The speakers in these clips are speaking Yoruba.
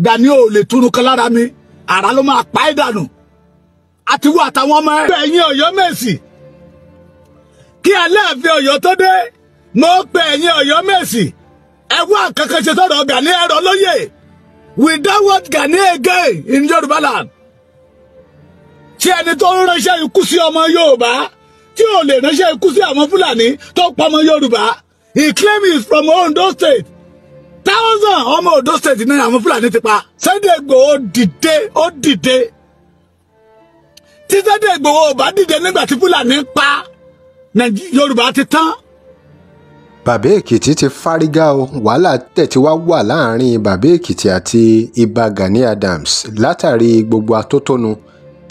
Gani ò lè túnú kan lára mi àrà ló máa pa ẹ́ dànù àti wọ àtàwọn ọmọ ẹ̀. ẹ̀yin Ọ̀yọ́ Mèsì kí Aláàfin Ọ̀yọ́ tó dé mo pe ẹ̀yin Ọ̀yọ́ Mèsì ẹ wá kankan ṣe sọ̀rọ̀ Gani ẹ̀rọ lóye without what Gani again in Yorùbá land tí ẹni tó ń ránṣẹ́ ikú sí ọmọ Yorùbá tí ò lè ránṣẹ́ ikú sí àwọn Fúlàní tó pa ọmọ Yorùbá he claim he is from Ondo state thousand ọmọ Ondo state ní àwọn Fúlàní ti pa Sunday Igboho dìde ó dìde tí Sunday Igboho ò bá dìde nígbà tí Fúlàní pa Yorùbá ti tán. Bàbá Èkìtì ti fárígá o wàhálà tẹ̀tíwá wà láàrin Bàbá Èkìtì àti Ìbà Gani Adams látàrí gbogbo atótónu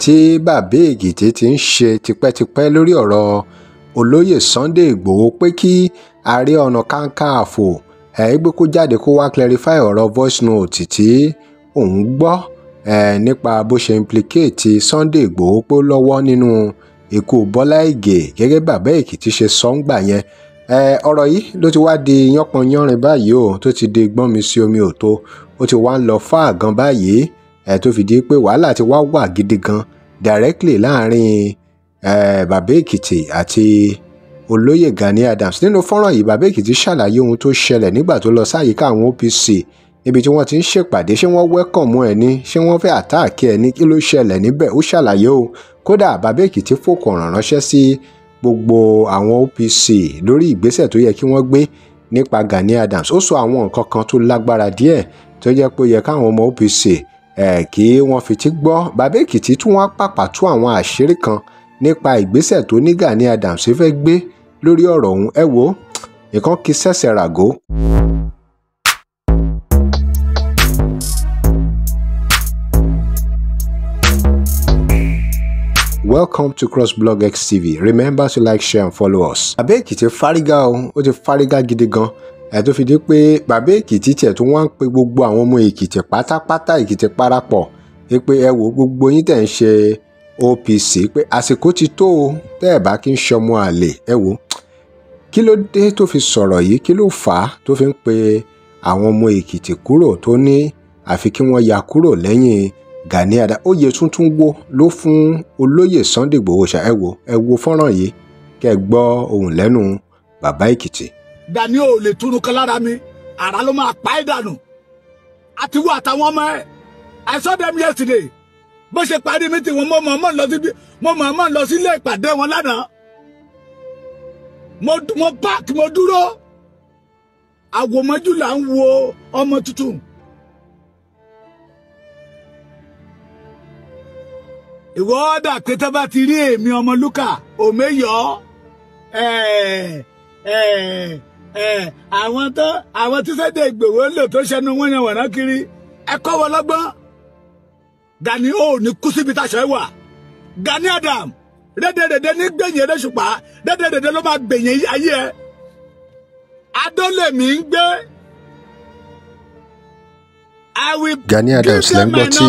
tí Bàbá Èkìtì ti ń ṣe tipẹ́tipẹ́ lórí ọ̀rọ̀ olóyè Sunday Ìgbòho pé kí Ààrẹ Ọ̀nà Kakanfò pé kó jáde kó wá clarify ọ̀rọ̀ voice note tí òun gbọ́ nípa bó ṣe implicate Sunday Igboho pé ó lọ́wọ́ nínú ikú Bọ́lá Ìgè gẹ́gẹ́ bàbá Èkìtì ṣe sọ ń gbà yẹn ọ̀rọ̀ yìí ló ti wá di yánpọnyánrin báyìí o tó ti di gbọ́n mi sí omi òtó ó ti wá ń lọ fà gan báyìí tó fi di pé wàhálà ti wá wà gidi gan directly láàrin bàbá Èkìtì àti olóyè Gani Adams nínú fọ́nrán yìí bàbá èkìtì ṣàlàyé ohun tó ṣẹlẹ̀ nígbà tó lọ sáyìíká àwọn OPC níbi tí wọ́n ti ń ṣèpàdé ṣé wọ́n wẹ́kọ̀mù ẹ̀ ní ṣé wọ́n fẹ́ àtáàkì ẹ̀ ní kí ló ṣẹlẹ̀ níbẹ̀ ó ṣàlàyé o kódà bàbá èkìtì fòkànràn ránṣẹ́ sí gbogbo àwọn OPC lórí ìgbésẹ̀ tó yẹ kí wọ́n gbé nípa Gani Adams ó sọ àwọn nǹkan kan tó lágbára díẹ̀ tó jẹ́ pé ó yẹ káwọn ọmọ OPC ẹ̀ kí wọ́n fi ti gbọ́ bàbá èkìtì tún wá pàpà tú àwọn àṣírí kan nípa ìgbésẹ̀ tó ní Gani Adams fẹ́ gbé lórí ọ̀rọ̀ ọ̀hún ẹ wo nǹkan kì í ràgó. Welcome to crossblog xtv remember to like share and follow us. bàbá èkìtì fárígá o ó ti fárígá gidi gan ẹ tó fi di pé bàbá èkìtì tiẹ̀ tún wá ń pe gbogbo àwọn ọmọ èkìtì pátápátá èkìtì parapọ̀ pé ẹ wo gbogbo yín tẹ̀ ń ṣe OPC pé àsìkò ti tó o tẹ́ ẹ̀ bá kí n ṣọmọ àlè ẹ wò kí ló dé tó fi sọ̀rọ̀ yìí kí ló fà á tó fi ń pe àwọn ọmọ Èkìtì kúrò tó ní àfi kí wọ́n ya kúrò lẹ́yìn Gani Adams oyè tuntun wo ló fún olóyè Sunday Igboho ṣá ẹ wò ẹ wò fọ́nrán yìí kẹ́ gbọ́ ohùn lẹ́nu bàbá Èkìtì. Gani ò lè túnú kan lára mi àrà ló máa pa é dànù àtiwọ́ àtàwọn ọmọ ẹ I saw them yesterday bó ṣe parí mítì wọn mo mọ̀ọ́mọ̀ lọ síbi mo mọ̀ọ́mọ̀ lọ sílé ìpàdé wọn lánàá mo mo park mo dúró àwòmọ́jú là ń wo ọmọ tuntun. ìwọ ọdà pé tó bá ti rí èmi ọmọ lúkà òmẹyọ àwọn tó àwọn tí sẹdẹ ìgbòho lò tó ṣẹnu wọn yan wọnà kiri ẹ kọ́ wọn lọ́gbọ́n. Gani ó ní kú síbi táṣọ ẹ wà Gani Adam dédédédé ní gbẹ̀yìn eré ṣùpá dédédédé ló máa gbẹ̀yìn ayé ẹ adólèmí ń gbé. Gani Adams lẹ́ ń gbọ́ tí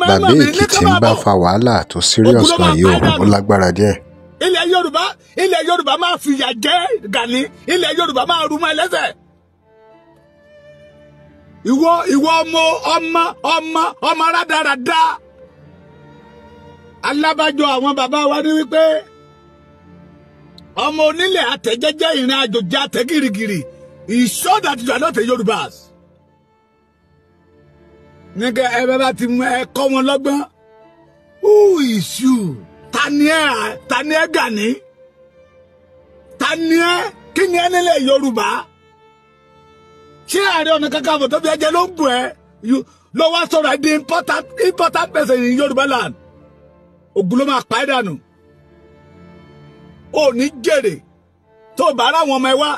bàbá Èkìtì ń bá fa wàhálà tó serious kan yìí ó ó lágbára díẹ̀. ilẹ̀ Yorùbá ilẹ̀ Yorùbá máa fìyà jẹ Gani ilẹ̀ Yorùbá máa rú mọ́ ẹlẹ́sẹ̀ ìwọ ìwọ ọmọ ọmọ ọmọ ọmọ rádaràda alábàjọ àwọn bàbá wa ní wípé ọmọ onílẹ̀ àtẹ̀jẹ́jẹ́ ìrìn àjòjì àtẹ̀gìrìgìrì ìṣọ́dà ti jọ àdọ́tẹ̀ yorùbá nígbà ẹ bá ti mú ẹ kọ́ wọn lọ́gbọ́n who is you tani ẹ tani ẹ Gani tani ẹ kí ni ẹ nílẹ̀ yorùbá. Ààrẹ Ọ̀nà Kakanfò tó fi ẹ̀jẹ̀ ló ń bù ẹ́ lọ wá sọ̀rọ̀ ẹ̀ di important important person in Yorùbá land ògùn ló máa pa ẹ́ dànù ò ní jèrè tó bá ara àwọn ọmọ ẹ wá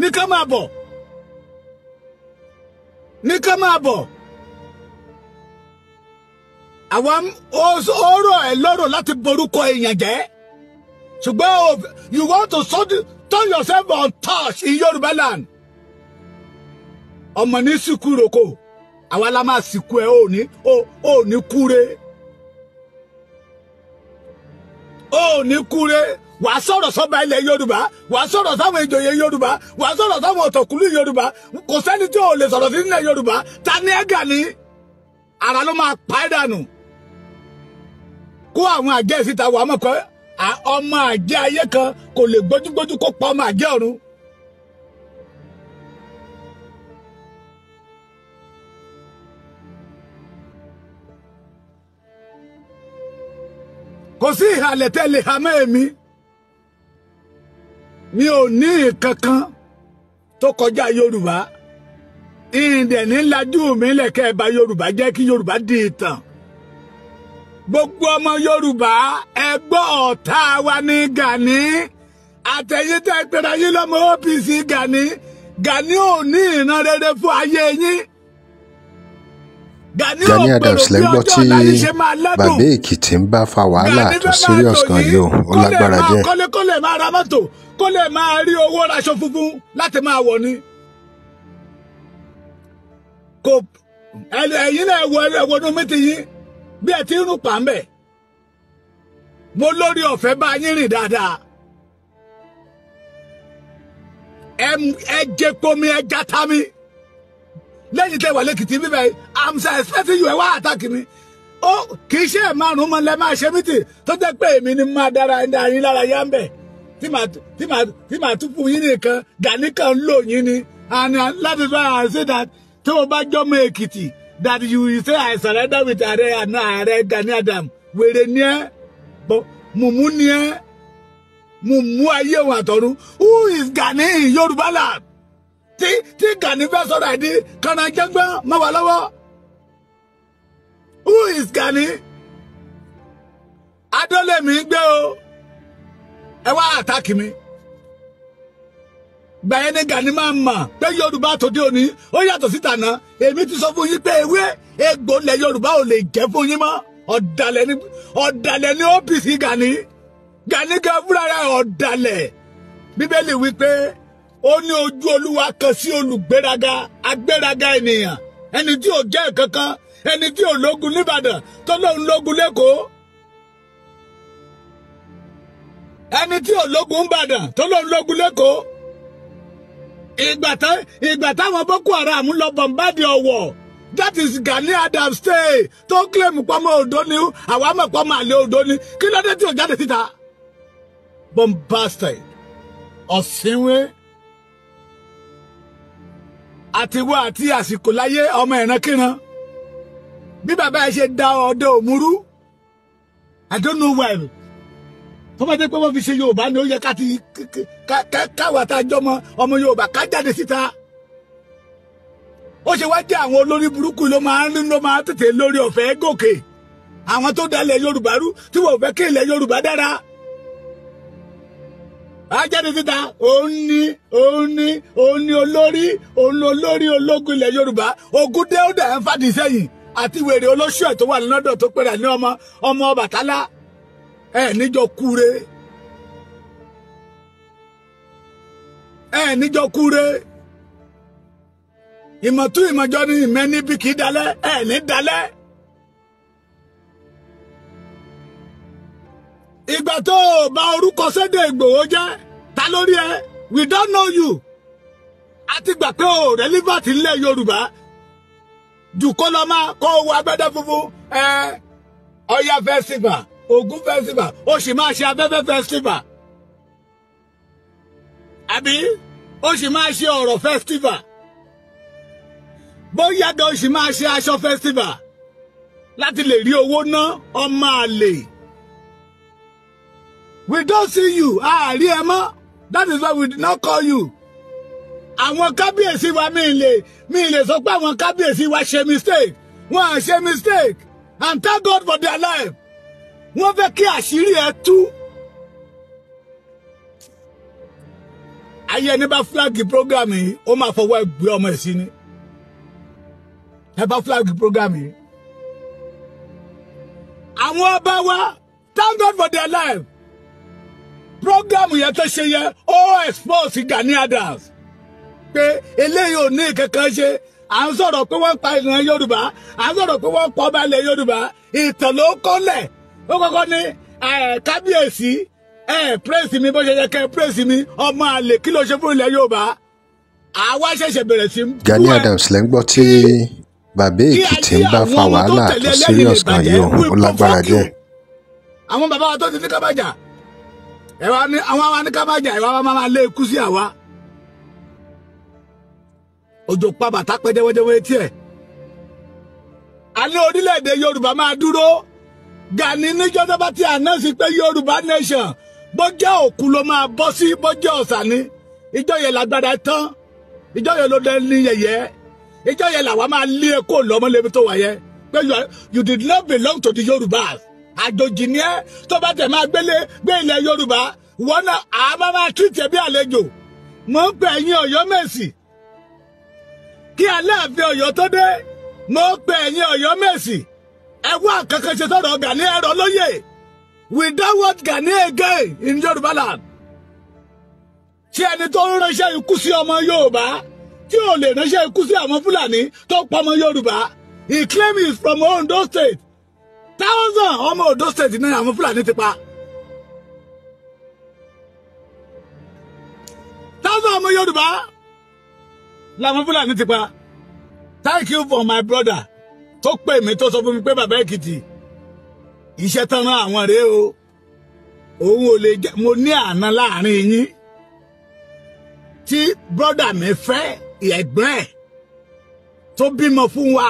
ní ká máa bọ̀ ní ká máa bọ̀ àwa ó rọ̀ lọ́rọ̀ láti borúkọ èèyàn jẹ́ ṣùgbọ́n you want to turn yourself on touch in Yorùbá land ọmọ ní sìkú ìrókò àwa la máa sìnkú ẹ ò ní ò ní kúre ò ní kúre wà á sọ̀rọ̀ sọ́ba ilẹ̀ yorùbá wà á sọ̀rọ̀ sáwọn ìjòyè yorùbá wà á sọ̀rọ̀ sáwọn ọ̀tọ̀kùlú yorùbá kò sẹ́ni tí ò lè sọ̀rọ̀ sí nílẹ̀ yorùbá ta ni ẹ gà ní ara ló máa pa ẹ́ dànù kó àwọn àjẹ́ ìsìta wà á mọ̀ pé ọmọ àjẹ́ ayé kan kò lè gbójúgbójú kó pa ọmọ àjẹ́ ọ̀run. kò sí ìhàlẹ̀ tẹ́ hamẹ́ mi mi ò ní nǹkan kan tó kọjá yorùbá ìdẹ̀ lajú mi lẹ̀kẹ́ bà yorùbá jẹ́ kí yorùbá di ìtàn gbogbo ọmọ yorùbá ẹgbọ́ ọ̀tá wa ní Gani àtẹ̀yìn tẹ́ pẹ̀lú ayé lọ́mọ OPC Gani Gani ò ní ìran rere fún ayé yín. Gani Adams lẹ́ ń gbọ́ tí bàbá Èkìtì ń bá fa wàhálà tó serious gan yìí o ó lágbára díẹ̀. kó lè kó lè máa ra mọ́tò kó lè máa rí owó raṣọ funfun láti máa wọ̀ ni. kò ẹ̀yin náà wọ ẹ̀wọ̀nú mi ti yín bí ẹ ti ń rún pàmbẹ́ mo lórí ọ̀fẹ́ bá yín rìn dáadáa. ẹ jẹ́ pomi ẹ já tá mi lẹ́yìn tẹ́ wà lẹ́kìtì bíbẹ̀ i'm expecting you ẹ wá àtàkì mi ó kì í ṣe ẹ̀ márùn-ún mọ́ lẹ́ máa ṣe mítì tó jẹ́ pé èmi ni máa dára ẹ̀dá yín lára yá ń bẹ̀ tí màá tí màá tí màá túpù yín nìkan gani kan lò yín ni and uh, láti bá a ṣe that tí o bá jọmọ èkìtì that you say i surrender with ààrẹ àná ààrẹ Gani Adam wèrè ni ẹ mùmú ni ẹ mùmú ayé òun àtọ̀run who is Gani in Yorùbá land tí tí Gani fẹ́ sọ̀rọ̀ ẹ̀ di kànáńjẹ́gbọ́n mọ́ wa lọ́wọ́ who is Gani adọ́lẹ̀mí ń gbé o ẹ wá àtàkì mi gbàyẹn ní Gani máa mà pé Yorùbá tòde òní ó yàtọ̀ síta náà èmi ti sọ fún yín pé ewé egbò lẹ Yorùbá ò lè jẹ́ fún yín mọ́ ọ̀dàlẹ̀ ní ni. ní OPC Gani Gani kan fúnra rẹ̀ ọ̀dàlẹ̀ Bíbélì wí pé ó ní ojú olúwa kan sí olùgbéraga agbéraga ènìyàn ẹni tí ò jẹ́ kankan ẹni tí ò lógun nìbàdàn tó lóun lógun lẹ́kọ̀ọ́ ẹni tí ò lógun nìbàdàn tó lóun lógun lẹ́kọ̀ọ́ ìgbàtà ìgbàtà àwọn boko haram lọ bọ̀m̀bádì ọ̀wọ̀ that is Gani Adams stay tó kílèmù pọ́mọ òdo ni àwọn àmọ̀ pọ́mọ àlè òdo ni kí ló dé tí ò jáde síta bombastic ọ̀sìnwé àtiwọ́ àti àsìkò láyé ọmọ ìrankíran bí bàbá ẹ ṣe da ọdẹ òmùrú I don't know why tó pé wọ́n fi ṣe Yorùbá ni ó yẹ ká ti káwa tá a jọ mọ ọmọ Yorùbá ká jáde síta ó ṣe wá jẹ́ àwọn olórí burúkú ló máa ń ló máa tètè lórí ọ̀fẹ́ gòkè àwọn tó dá Yorùbá rú tí wọ́n fẹ́ kí ilẹ̀ Yorùbá dára. ajáde síta òun ni òun ni òun ni olórí òun olórí ológun ilẹ̀ yorùbá ogun déódà ń fàdí sẹ́yìn àti wèrè olóṣù ẹ̀ tó wà lọ́dọ̀ tó pèrè ní ọmọ ọmọ bàtálá ẹ níjọ kúre níjọ kúre ni ìgbà tó o bá orúkọ sédè Ìgbòho jẹ́ ta lórí ẹ we don't know you a ti gbà pé o relevant nílẹ̀ Yorùbá jù kó lọ máa kó owó abẹ́dẹ́ funfun ẹ Ọya festival Ògún festival o sì máa ṣe Afẹ́fẹ́ festival àbí o sì máa ṣe ọ̀rọ̀ festival bóyá gan o sì máa ṣe aṣọ festival láti lè rí owó ná ọmọ àlè we don't see you ah, àárí ẹ mọ́ that is why we did not call you. àwọn kábíyèsí wa mi lè mi lè sọ pé àwọn kábíyèsí wa ṣe mistake wọn à ṣe mistake and thank God for their life wọ́n fẹ́ kí àṣírí ẹ tú. ayé ẹni bá fúlàgì program yìí ó máa fọwọ́ ẹ gbé ọmọ ẹ sí ni ẹ bá fúlàgì program yìí. àwọn ọba wa thank God for their life program yẹn tó ṣe yẹn ó expose Gani Adams pé eléyìí ò ní kankan ṣe à ń sọ̀rọ̀ pé wọ́n pa ìran Yorùbá à ń sọ̀rọ̀ pé wọ́n pa ọba ilẹ̀ Yorùbá ìtàn ló kọ́lẹ̀ ó kọ́kọ́ ní kábíyèsí ẹ praise mi bó ṣe yẹ kẹ́ praise mi ọmọ àlè kí ló ṣe fún ilẹ̀ Yorùbá àwa ṣẹ̀ṣẹ̀ bẹ̀rẹ̀ sí. Gani Adams lẹ́ ń gbọ́ tí bàbá Èkìtì ń bá fa wàhálà tó serious kan yìí ó lágbára díẹ̀. àwọn bàbá wa tó ti ní kábàjà ẹwà ní àwọn wa ní ká ẹwà wa máa lé ikú sí àwa òjò pa bàtà pẹ́ jẹ́wọ́jẹ́wọ́ etí ẹ̀ àní orílẹ̀ Yorùbá máa dúró Gani níjọ́ tó bá ti ànáǹsì pé Yorùbá nation bọ́jẹ́ òkú ló máa bọ́ sí bọ́jẹ́ ọ̀sà ìjọ yẹn lágbára tán ìjọ yẹn ló dẹni yẹyẹ ìjọ yẹn làwa máa lé kó lọ́mọ tó wà pé you did not belong to the Yorùbás àjòjì ni ẹ́ tó bá tẹ̀ máa gbélé gbé ilẹ̀ Yorùbá wọn náà àá bá máa tìtẹ̀ bí àlejò mò ń pè ẹ̀yin Ọ̀yọ́mèsì kí Aláàfin Ọ̀yọ́ tó dé mò ń pè ẹ̀yin Ọ̀yọ́mèsì ẹ wá kankan ṣe sọ̀rọ̀ Gani ẹ̀rọ lóye without what Gani again in Yorùbá land tí ẹni tó ń ránṣẹ́ ikú sí ọmọ Yorùbá tí ò lè ránṣẹ́ ikú sí àwọn Fúlàní tó pa ọmọ Yorùbá he claim he is from Ondo state thousand ọmọ Ondo state ní àwọn Fúlàní ti pa thousand ọmọ Yorùbá làwọn Fúlàní ti pa thank you for my brother tó pè mí tó sọ fún mi pé bàbá Èkìtì iṣẹ́ tán rán àwọn rèé o òun ò lè jẹ mo ní àná láàrin yín tí brọ́dà mi fẹ́ ẹ̀gbọ́n ẹ̀ tó bímọ fún wa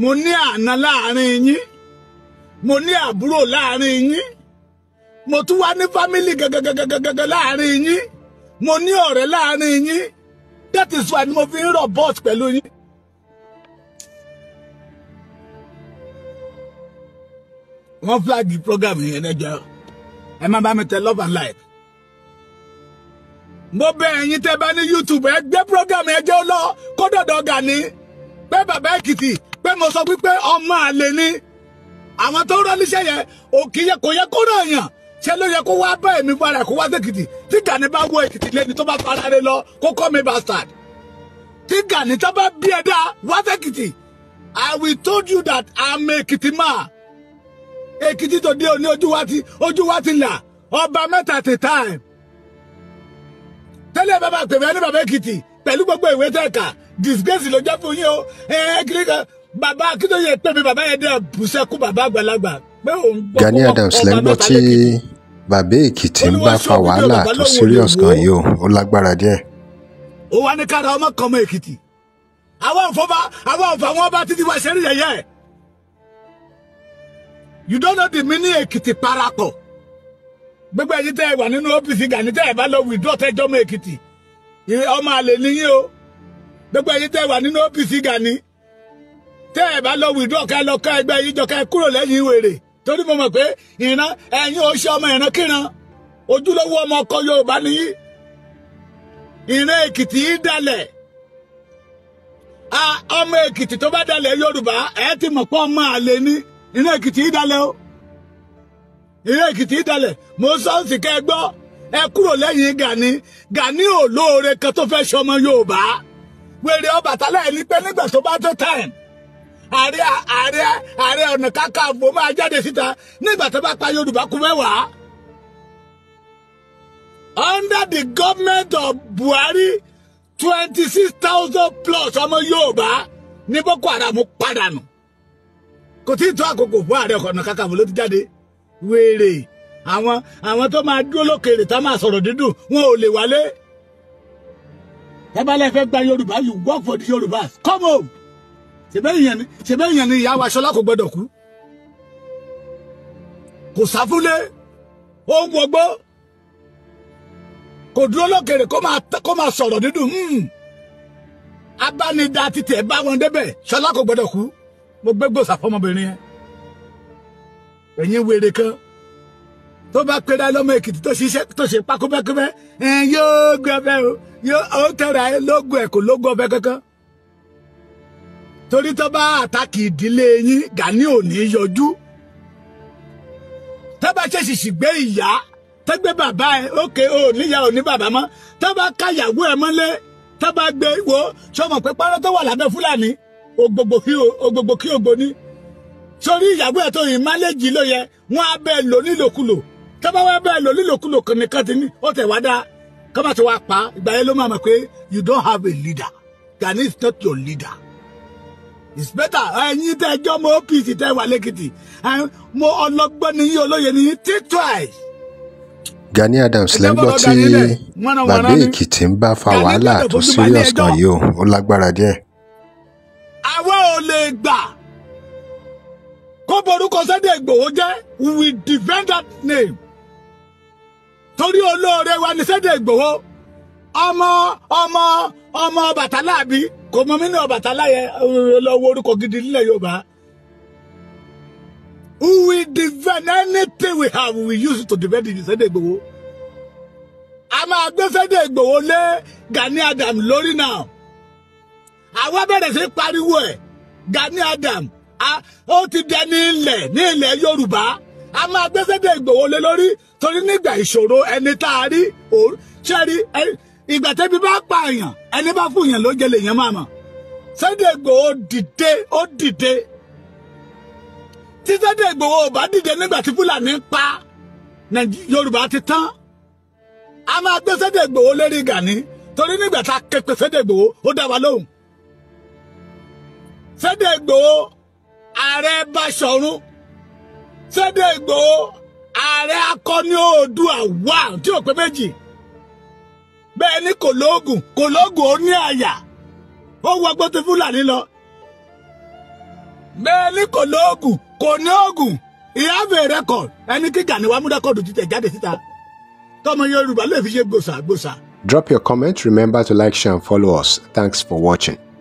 mo ní àná láàrin yín mo ní àbúrò láàrin yín mo tún wá ní fámílì gẹ́gẹ́gẹ́gẹ́gẹ́ láàrin yín mo ní ọ̀rẹ́ láàrin yín that is why mo fi ń rọ̀ bọ́ọ̀sì pẹ̀lú yín. wọ́n flagi program yẹn ẹjọ́ ẹ má bá mi tẹ love and life. mo bẹ̀ ẹ̀yin tẹ́ bá ní youtube ẹ gbé program yẹn jẹ́ ó lọ kó dọ̀dọ̀ Gani pé bàbá Èkìtì pé mo sọ wípé ọmọ àlè ni àwọn tó rán níṣẹ́ yẹn òkè yẹ kò yẹ kó ràn yàn ṣe ló yẹ kó wá bá èmi bára kó wá sèkìtì tí Gani bá wọ èkìtì lẹni tó bá fara rẹ lọ kó kọ́ mi bastard tí Gani tó bá bí ẹ wá sèkìtì I will told you that I'm èkìtì ma èkìtì tó dé òní ojú wa ti ojú wa ti là ọba mẹ́ta ti time tẹ́lẹ̀ bàbá pèmí ẹni bàbá èkìtì pẹ̀lú gbogbo ìwé tẹ̀ka disgrace ló jẹ́ fún yín o ẹ̀ẹ́dẹ́gbẹ̀rẹ́ bàbá akíntóye pé mi bàbá yẹn dẹ bùsẹkù bàbá àgbàlagbà pé òun gbọ́ Gani Adams lẹ ń gbọ́ tí bàbá èkìtì ń bá fa wàhálà tó serious kan yìí o ó lágbára díẹ̀. ó wá ní kára ọmọ kan ọmọ èkìtì àwọn òfòba àwọn òfò àwọn ọba títí wá ṣeré yẹyẹ you don't know the meaning èkìtì parapọ̀ gbogbo ẹ̀yin tẹ́ ẹ wà nínú ọ́fíìsì Gani tẹ́ ẹ bá lọ withdraw tẹ́jọ́ ọmọ èkìtì ọmọ àlè nìyí o gbogbo ẹ̀yin tẹ́ ẹ wà nínú ọ́fíìsì Gani tẹ́ ẹ bá lọ withdraw kẹ́ lọ ká ẹgbẹ́ yìí jọ kẹ́ kúrò lẹ́yìn wèrè torí mo mọ̀ pé ìran ẹ̀yin ò ṣe ọmọ ìran kíran ojúlówó ọmọ ọkọ Yorùbá nìyí ìran Èkìtì yìí dalẹ̀ ọmọ Èkìtì tó bá dalẹ̀ Yorùbá ẹ ti mọ̀ pé ọmọ àlè ni ìran Èkìtì yìí dalẹ̀ o ìran Èkìtì yìí dalẹ̀ mo sọ ń sì kẹ́ ẹ gbọ́ ẹ kúrò lẹ́yìn Gani Gani ò lóore kan tó fẹ́ ṣọmọ Yorùbá wèrè Ọbàtálá ẹni pé nígbà tó bá tó time ààrẹ ààrẹ ààrẹ ọ̀nà kakanfò máa jáde síta nígbà tó bá pa yorùbá kú mẹ́wàá. under the government of buhari twenty six thousand plus ọmọ yorùbá ní boko haram padà nù kò tí ì tó àkókò fún ààrẹ ọ̀nà kakanfò ló ti jáde wéèrè àwọn àwọn tó máa dúró lókèrè tá máa sọ̀rọ̀ dídùn wọn ò lè wálé. ẹ bá lẹ fẹ́ gba yorùbá you work for the yorùbá come home ṣebẹ́yìn ni ìyá wa Ṣọlá kò gbọdọ̀ kú kò sáfúlé ó ń wọgbó kò dúró lókèrè kó máa sọ̀rọ̀ dídùn hmm. abánidá títẹ̀ bá wọn débẹ̀ Ṣọlá kò gbọdọ̀ kú mo gbégbó sàfọmọbìnrin yẹn ẹ̀yin wèrè kan tó bá pera lọ́mọ Èkìtì tó ṣiṣẹ́ tó ṣe pákópẹ́kópẹ́ yóò gbẹ ọbẹ̀ o yóò tẹ̀ra ẹ lógún ẹ̀ kò lógún ọbẹ̀ kankan torí tó bá àtàkì ìdílé yín Gani ò yọjú tó bá ṣèṣì sì ìyá tó gbé bàbá ẹ òkè ò níyà bàbá mọ́ tó bá káyàwó ẹ mọ́lé tó bá gbé wo sọmọ pé párọ́ tó wà lábẹ́ Fúlàní ògbògbò kí ògbògbò kí ògbò ní sórí ìyàwó ẹ tó yìn máléjì ló yẹ wọn á lò nílòkulò tó bá wá bẹ́ẹ̀ lò nílòkulò nìkan ti ní ó tẹ̀ wá dáa kọ́mọ̀tò wa pa ìgbà yẹn ló máa mọ̀ pé you don't have a leader Gani is not your leader it's better ẹ̀yin tẹ́ ẹjọ́ mọ OPC tẹ́ wà lẹ́kìtì mo ọlọ́gbọ́n ni yín olóye ni yín think twice. Gani Adams lẹ́ ń gbọ́ tí bàbá Èkìtì ń bá fa wàhálà tó serious kan yìí o ó lágbára díẹ̀. àwa ò lè gbà kó borúkọ Sunday Igboho jẹ́ we defend that name torí olóore wa ni Sunday Igboho ọmọ ọmọ ọmọ Bàtálá kò mọ mí ní Ọbàtálá yẹn lọ wo orúkọ gidi nílẹ̀ Yorùbá we defend anything we have we use to defend Sunday Igboho a máa gbé Sunday Igboho lé Gani Adam lórí náà àwa bẹ̀rẹ̀ sí pariwo ẹ̀ Gani Adam ó ti dẹni ilẹ̀ ní ilẹ̀ Yorùbá a máa gbé Sunday Igboho lé lórí torí nígbà ìṣòro ẹni tá a rí ṣe rí ìgbà tẹ́bi bá pa èèyàn ẹni bá fún èèyàn ló jẹ lèèyàn máa mọ̀ Sunday Igboho dìde ó dìde tí Sunday Igboho ò bá dìde nígbà tí Fúlàní pa Yorùbá ti tán a máa gbé Sunday Igboho lérí Gani torí nígbà tá a képe Sunday Igboho ó dá wa lóhùn Sunday Igboho ààrẹ Báṣọ̀run Sunday Igboho ààrẹ akọni Oòduà wà tí ò pé méjì bẹ́ẹ̀ ni kò lóògùn kò lóògùn ó ní àyà ó wọ gbọ́tẹ fúlàní lọ. bẹ́ẹ̀ ni kò lóògùn kò ní òògùn ìyá àbẹ̀ rẹ́kọ̀d ẹni kíkà ni wàá mú rẹ́kọ̀dù títẹ̀ jáde síta tọmọ Yorùbá lè fi ṣe gbòsà gbòsà. Drop your comment. Remember to like, share, and follow us. Thanks for watching.